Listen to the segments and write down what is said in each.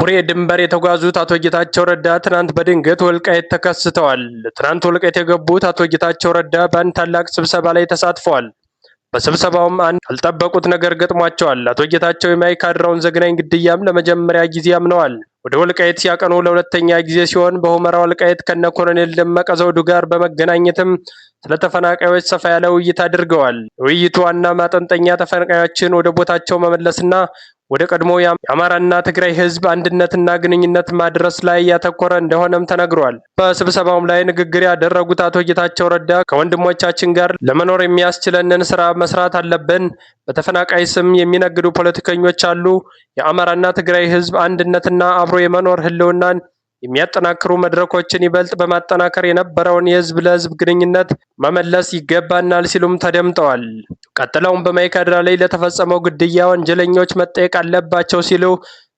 ቡሬ ድንበር የተጓዙት አቶ ጌታቸው ረዳ ትናንት በድንገት ወልቃይት ተከስተዋል። ትናንት ወልቃይት የገቡት አቶ ጌታቸው ረዳ በአንድ ታላቅ ስብሰባ ላይ ተሳትፈዋል። በስብሰባውም አንድ ያልጠበቁት ነገር ገጥሟቸዋል። አቶ ጌታቸው የማይካድራውን ዘግናኝ ግድያም ለመጀመሪያ ጊዜ አምነዋል። ወደ ወልቃይት ሲያቀኑ ለሁለተኛ ጊዜ ሲሆን በሁመራ ወልቃይት ከነ ኮሎኔል ደመቀ ዘውዱ ጋር በመገናኘትም ስለ ተፈናቃዮች ሰፋ ያለ ውይይት አድርገዋል። ውይይቱ ዋና ማጠንጠኛ ተፈናቃዮችን ወደ ቦታቸው መመለስና ወደ ቀድሞ የአማራና ትግራይ ህዝብ አንድነትና ግንኙነት ማድረስ ላይ ያተኮረ እንደሆነም ተነግሯል። በስብሰባውም ላይ ንግግር ያደረጉት አቶ ጌታቸው ረዳ ከወንድሞቻችን ጋር ለመኖር የሚያስችለንን ስራ መስራት አለብን። በተፈናቃይ ስም የሚነግዱ ፖለቲከኞች አሉ። የአማራና ትግራይ ህዝብ አንድነትና አብሮ የመኖር ህልውናን የሚያጠናክሩ መድረኮችን ይበልጥ በማጠናከር የነበረውን የህዝብ ለህዝብ ግንኙነት መመለስ ይገባናል ሲሉም ተደምጠዋል። ቀጥለውም በማይካድራ ላይ ለተፈጸመው ግድያ ወንጀለኞች መጠየቅ አለባቸው ሲሉ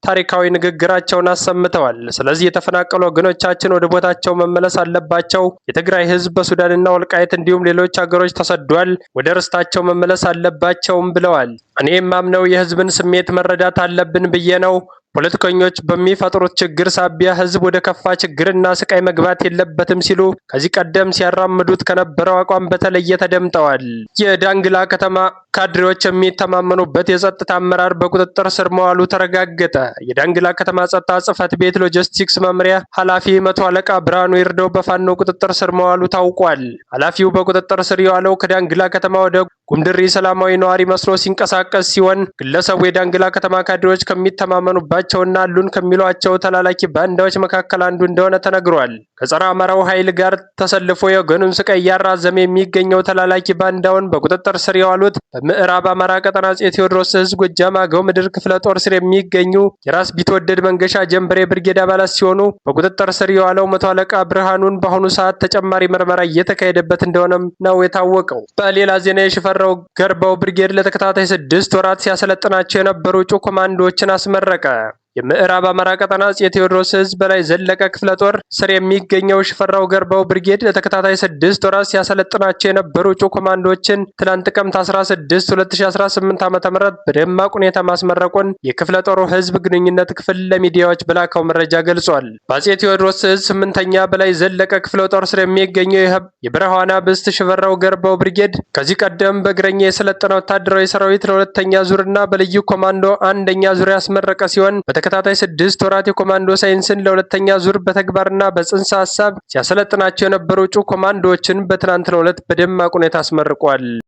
ታሪካዊ ንግግራቸውን አሰምተዋል። ስለዚህ የተፈናቀሉ ወገኖቻችን ወደ ቦታቸው መመለስ አለባቸው። የትግራይ ሕዝብ በሱዳንና ወልቃይት እንዲሁም ሌሎች ሀገሮች ተሰዷል። ወደ ርስታቸው መመለስ አለባቸውም ብለዋል። እኔም ማምነው የሕዝብን ስሜት መረዳት አለብን ብዬ ነው። ፖለቲከኞች በሚፈጥሩት ችግር ሳቢያ ሕዝብ ወደ ከፋ ችግርና ስቃይ መግባት የለበትም ሲሉ ከዚህ ቀደም ሲያራምዱት ከነበረው አቋም በተለየ ተደምጠዋል። የዳንግላ ከተማ ካድሬዎች የሚተማመኑበት የጸጥታ አመራር በቁጥጥር ስር መዋሉ ተረጋገጠ። የዳንግላ ከተማ ጸጥታ ጽሕፈት ቤት ሎጂስቲክስ መምሪያ ኃላፊ መቶ አለቃ ብርሃኑ ይርደው በፋኖ ቁጥጥር ስር መዋሉ ታውቋል። ኃላፊው በቁጥጥር ስር የዋለው ከዳንግላ ከተማ ወደ ጉምድሪ ሰላማዊ ነዋሪ መስሎ ሲንቀሳቀስ ሲሆን ግለሰቡ የዳንግላ ከተማ ካድሬዎች ከሚተማመኑባቸውና አሉን ከሚሏቸው ተላላኪ ባንዳዎች መካከል አንዱ እንደሆነ ተነግሯል። ከጸረ አማራው ኃይል ጋር ተሰልፎ የወገኑን ስቃይ እያራዘመ የሚገኘው ተላላኪ ባንዳውን በቁጥጥር ስር የዋሉት በምዕራብ አማራ ቀጠና አጼ ቴዎድሮስ ሕዝብ ጎጃም አገው ምድር ክፍለ ጦር ስር የሚገኙ የራስ ቢትወደድ መንገሻ ጀንበሬ ብርጌድ አባላት ሲሆኑ በቁጥጥር ስር የዋለው መቶ አለቃ ብርሃኑን በአሁኑ ሰዓት ተጨማሪ ምርመራ እየተካሄደበት እንደሆነም ነው የታወቀው። በሌላ ዜና የሽፈ የሚመራው ገርባው ብርጌድ ለተከታታይ ስድስት ወራት ሲያሰለጥናቸው የነበሩ እጩ ኮማንዶዎችን አስመረቀ። የምዕራብ አማራ ቀጠና አፄ ቴዎድሮስ ህዝብ በላይ ዘለቀ ክፍለ ጦር ስር የሚገኘው ሽፈራው ገርባው ብርጌድ ለተከታታይ ስድስት ወራት ሲያሰለጥናቸው የነበሩ እጩ ኮማንዶዎችን ትናንት ጥቅምት 16 2018 ዓ ም በደማቅ ሁኔታ ማስመረቁን የክፍለ ጦሩ ህዝብ ግንኙነት ክፍል ለሚዲያዎች በላከው መረጃ ገልጿል። በአፄ ቴዎድሮስ ዕዝ ስምንተኛ በላይ ዘለቀ ክፍለ ጦር ስር የሚገኘው የበረሃዋና ብስት ሽፈራው ገርባው ብርጌድ ከዚህ ቀደም በእግረኛ የሰለጠነ ወታደራዊ ሰራዊት ለሁለተኛ ዙርና በልዩ ኮማንዶ አንደኛ ዙር ያስመረቀ ሲሆን ለተከታታይ ስድስት ወራት የኮማንዶ ሳይንስን ለሁለተኛ ዙር በተግባርና በጽንሰ ሀሳብ ሲያሰለጥናቸው የነበሩ እጩ ኮማንዶዎችን በትናንትናው ዕለት በደማቅ ሁኔታ አስመርቋል።